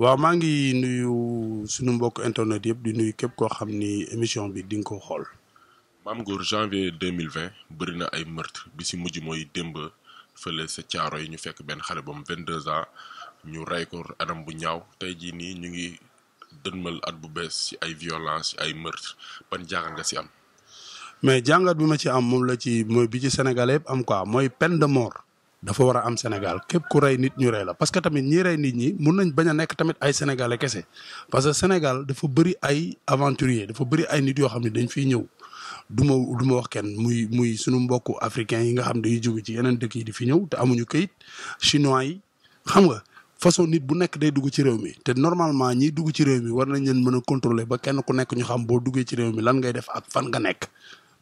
waaw maa ngi nuyu sunu mbokk internet yëpp di nuyu képp koo xam ni émission bi di nga ko xool. Mame Goor janvier deux mille vingt bëri na ay meurtre bi si mujj mooy démb fële sa caaro yi ñu fekk benn xale ba mu vingt deux ans ñu rey ko anam bu ñaaw tey jii nii ñu ngi dënmal at bu bees ci ay violence ci ay meurtre ban jàngat nga si am. mais jàngat bi ma ci am moom la ci mooy bi ci Sénégal yëpp am quoi mooy peine de mort. dafa war a am Sénégal képp ku rey nit ñu rey la parce que tamit ñii rey nit ñi mun nañ bañ a nekk tamit ay sénégalais kese parce que Sénégal dafa bëri ay aventurier dafa bëri ay nit yoo xam ne dañ fiy ñëw du ma du ma wax kenn muy muy sunu mbokku africain yi nga xam dañuy jóge ci yeneen dëkk di fi ñëw te amuñu këyit chinois yi xam nga façon nit bu nekk day dugg ci réew mi te normalement ñiy dugg ci réew mi war nañ leen mën a contrôler ba kenn ku nekk ñu xam boo duggee ci réew mi lan ngay def ak fan nga nekk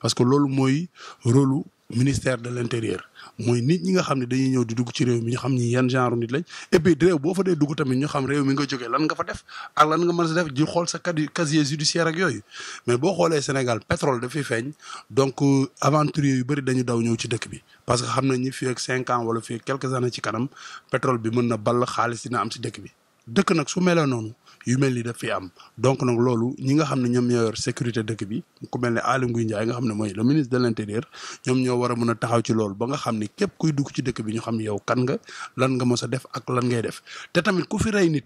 parce que loolu mooy rôle ministère de l'intérieur mooy nit ñi nga xam ne dañuy ñëw di dugg ci réew mi ñu xam ñi yan genre nit lañ et puis réew boo fa dee dugg tamit ñu xam réew mi nga jógee lan nga fa def ak lan nga mën a def di xool sa casier judiciaire ak yooyu mais boo xoolee Sénégal pétrole dafay feeñ donc euh, aventurier yu bëri dañu daw ñëw ci dëkk bi parce que xam nañ ñi fii ak cinq ans wala fii ak quelques années ci kanam pétrole bi mën na ball xaalis dina am si dëkk bi dëkk nag su melee noonu yu mel ni daf fi am donc nag loolu ñi nga xam ne ñoom ñoo sécurité dëkk bi ku mel ne Aly Ngouille Ndiaye nga xam ne mooy le ministre de l'intérieur ñoom ñoo war a mën a taxaw ci loolu ba nga xam ne képp kuy dugg ci dëkk bi ñu xam ne yow kan nga lan nga mos a def ak lan ngay def te tamit ku fi rey nit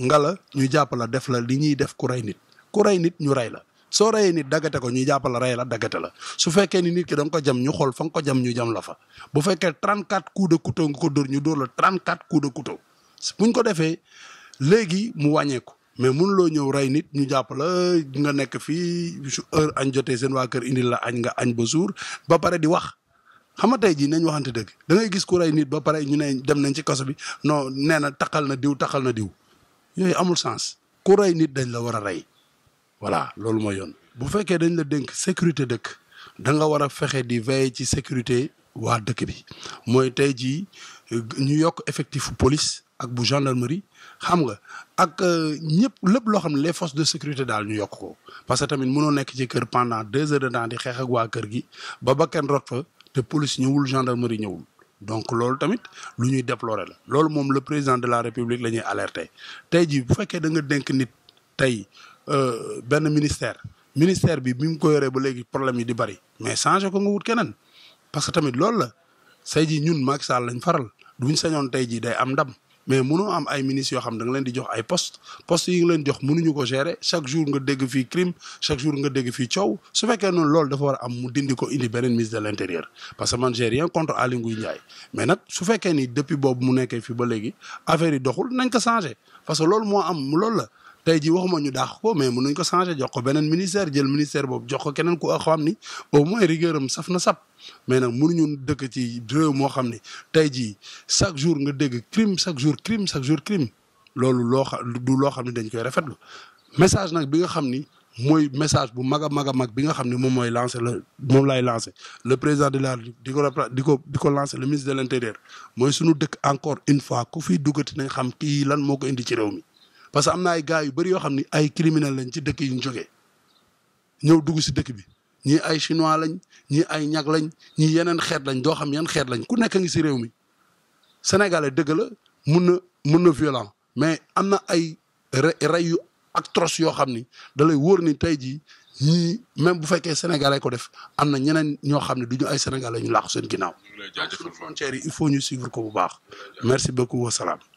nga la ñu jàpp def la li ñuy def ku rey nit ku rey nit ñu rey la soo reyee nit daggate ko ñu jàppal rey la daggate la su fekkee ni nit ki da ko jam ñu xool fa nga ko jam ñu jam la fa bu fekkee 34 coups de couteau nga ko dóor ñu dóor la 34 buñ ko defee léegi mu wàññeeku mais mënuloo ñëw rey nit ñu jàpp la nga nekk fii su heure añ jotee seen waa kër indil la añ nga añ ba suur ba pare di wax xam nga tey jii nañ waxante dëgg da ngay gis ku rey nit ba pare ñu ne dem nañ ci kaso bi non nee na taxal na diw taxal na diw yooyu amul sens ku rey nit dañ la war a rey voilà loolu mooy yoon. bu fekkee dañ la dénk sécurité dëkk da nga war a fexe di veiller ci sécurité waa dëkk bi mooy tey jii ñu yokk effectif police. ak bu gendarmerie xam nga ak euh, ñëpp lép loo xam ne les forces de sécurité daal ñu yokk ko parce que tamit mënoo nekk ci kër pendant deux heures de temps di xeex ak waa kër gi ba ba kenn rot fa te police ñëwul gendarmerie ñëwul. donc loolu tamit lu ñuy déplorer la loolu moom la président de la république la ñuy alerter tey jii bu fekkee da nga dénk nit tey euh, benn ministère ministère bi bi mu ko yoree ba léegi problème yi di bari mais changé ko nga wut keneen parce que tamit loolu la say ji ñun Macky Sall lañ faral duñ sañoon tey jii day am ndam. mais mënoo am ay ministres yoo xam da nga leen di jox ay poste poste yi nga leen jox mënuñu ko gérer chaque jour nga dégg fi crime chaque jour nga dégg fii coow su fekkee noonu loolu dafa war a am mu dindi ko indi beneen ministre de l' parce que man j'ai contre Aly Ngouille Ndiaye mais nag su fekkee ni depuis boobu mu nekkee fii ba léegi affaire doxul nañ ko changé parce que loolu moo am loolu la tey jii waxuma ñu dàq ko mais mënuñ ko changer jox ko beneen ministère jël ministère boobu jox ko keneen ku xam ni au moins rigueur am saf na sap mais nag mënuñu dëkk ci réew moo xam ni tey jii chaque jour nga dégg crime chaque jour crime chaque jour crime loolu loo xam du loo xam ni dañ koy rafetlu message nag bi nga xam ni mooy message bu mag a mag a mag bi nga xam ne moom mooy lancé le moom laay lancé le président de la di ko di ko di ko lancé le ministre de l'intérieur mooy sunu dëkk une fois ku fiy nañ xam kii lan moo ko indi ci réew mi. parce que am na ay gars yu bëri yoo xam ni ay criminel lañ ci dëkk yu ñu jógee ñëw dugg si dëkk bi ñii ay chinois lañ ñii ay ñag lañ ñii yeneen xeet lañ doo xam yan xeet lañ ku nekk ngi si réew mi sénégalais dëgg la mun na mun na violent mais am na ay rey yu atroce yoo xam ni dalay lay wóor ni tey jii ñii même bu fekkee sénégalais ko def am na ñeneen ñoo xam ne du ñu ay sénégalais ñu laax seen ginnaaw. il faut ñu suivre ko bu baax. merci beaucoup wa